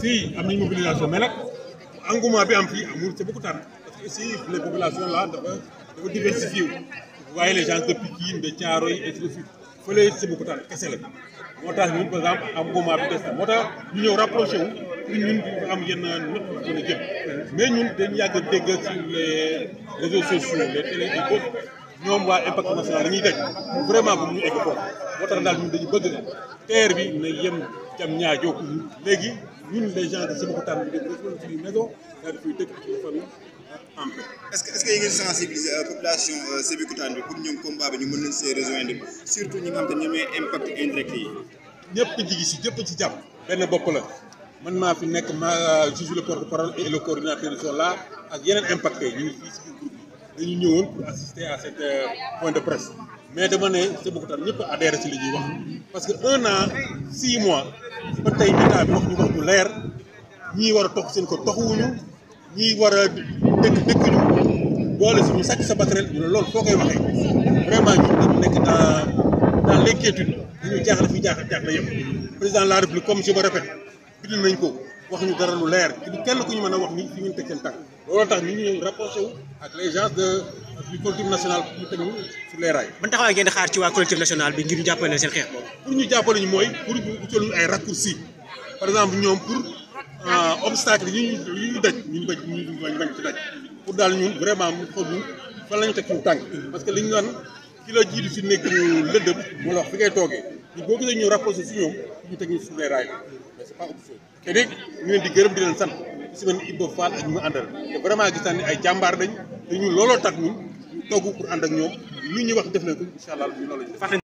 fii am nañ mobilisation mais nag engouement bi am fii amul c'est beaucoup tard parce que aussi les populations là dafa dafa diversifié wu. vous voyez les gens de Pikine de Thiaroye et cetera fële c'est beaucoup tard kese la moo tax ñun par exemple engouement bi des moo tax ñu ñëw rapproché wu pour ñun am yenn nët yu mën a jëm mais ñun dañu yàgg a dégg sur les réseaux sociaux les télé et autres ñoom waa impact national dañuy daj vraiment mu ñu egg foofu moo tax daal ñun dañu bëgg teer bi na léegi. ñun les gens de Sébikotane bi dañu doon suñu maison daal dëkk ak en paix. est-ce que est-ce que yéen a sensibiliser euh, population euh, Sébikotane bi pour ñoom combat bi ñu mën leen see rejoindre surtout ñi nga xam te ne ñoom impact indirect yi. ñëpp a ji si ci jàpp. benn bopp la man maa fi nekk ma euh, je le porte-parole et le coordinateur de Sola ak yeneen impacté ñu ngi fii si groupe dañu ñëwoon pour assister à cette point de presse mais dama ne Sébikotane ñëpp adhéré ci li ñuy que un an ba tey état bi wax ñu wax ñu leer ñii war a tox seen ko toxuwuñu ñii war a dëkk dëkkuñu boole suñu sàcc sa matériel ñu ne loolu foo koy waxee vraiment ñun dañu nekk dans dans l'inquiétude dañu jaaxle fi jaaxle jaaxle yëpp président la république comme si me répète bind nañ ko. wax ñu dara lu leer ci kenn ku ñu mën a wax ni fi ngeen teg seen tànk looloo tax ñu ngi rapproché wu ak les gens de du collectif national pour ñu bi ngir ñu jàppale seen xeex boobu. pour mooy pour ñu utal ñu ay raccourcis par exemple ñoom euh, ñu yi ñu ñu bañ ñu bañ ci daj daal ñun vraiment mu xool ñu fan la ñu parce que li ñu naan ki la jiitu si nekk lëddëm moo la wax fi ngay toogee. ñun boo gisee ñu rapproché si ñoom ñu teg ñu sur les rails mais ñu leen di gërëm di leen sant si mel ni Ibou Fall ak ñu mu àndal te vraiment gis naa ne ay jàmbaar dañ te ñun looloo tax ñun togg pour ànd ak ñoom li ñu wax def na ko incha allah ñu